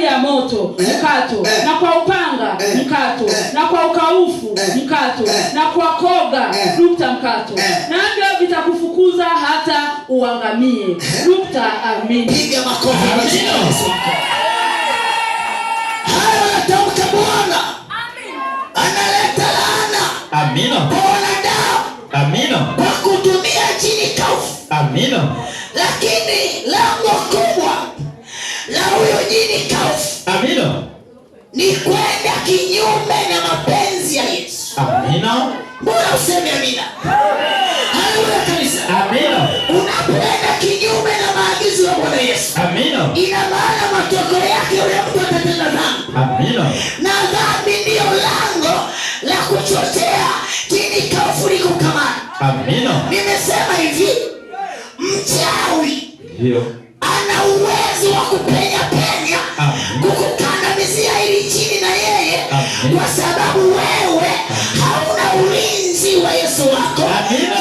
ajali ya moto eh. mkato, eh. na kwa upanga eh. mkato, na kwa ukaufu mkato, na kwa koga nukta mkato, navyo vitakufukuza hata uangamie nukta. amini makofi analeta amina lakini lango kubwa la nini kaofu? Amina. Ni kwenda kinyume na mapenzi ya Yesu. Amina. Mbona useme amina? Haleluya kanisa. Amina. Unapenda kinyume na maagizo ya Bwana Yesu. Amina. Ina maana matokeo yake yule mtu atatenda dhambi. Amina. Na dhambi ndio lango la kuchochea dini kaofu likukamata. Amina. Nimesema hivi, mchawi. Ndio. kwa sababu wewe hauna ulinzi wa Yesu wako,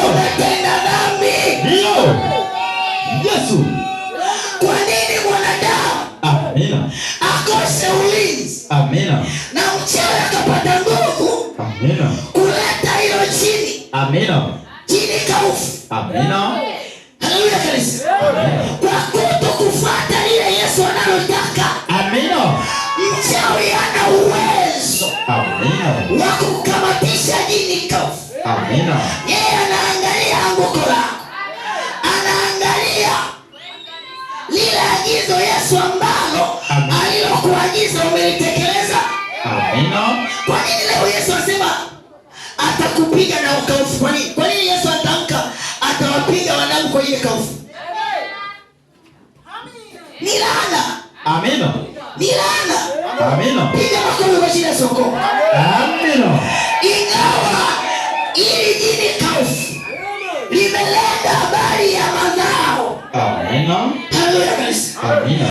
umependa dhambi. Ndio Yesu. Kwa nini mwanadamu amina akose ulinzi amina, na mchawi akapata nguvu amina kuleta hilo chini amina, jini kaufu amina. Haleluya kanisa, kwa kuto kufuata lile Yesu analotaka Amina. Yeye anaangalia anguko lako, anaangalia lile agizo Yesu ambalo alilokuagiza umelitekeleza. Amina. Kwa nini leo Yesu asema atakupiga na ukaufu? Kwa nini? Kwa nini Yesu atamka atawapiga wanadamu kwa ile kaufu? Ni laana. Amina. Ni laana. Amina. Piga makofi kwa jina la Yesu. Amina. Ingawa Amen. Hallelujah, guys. Amina.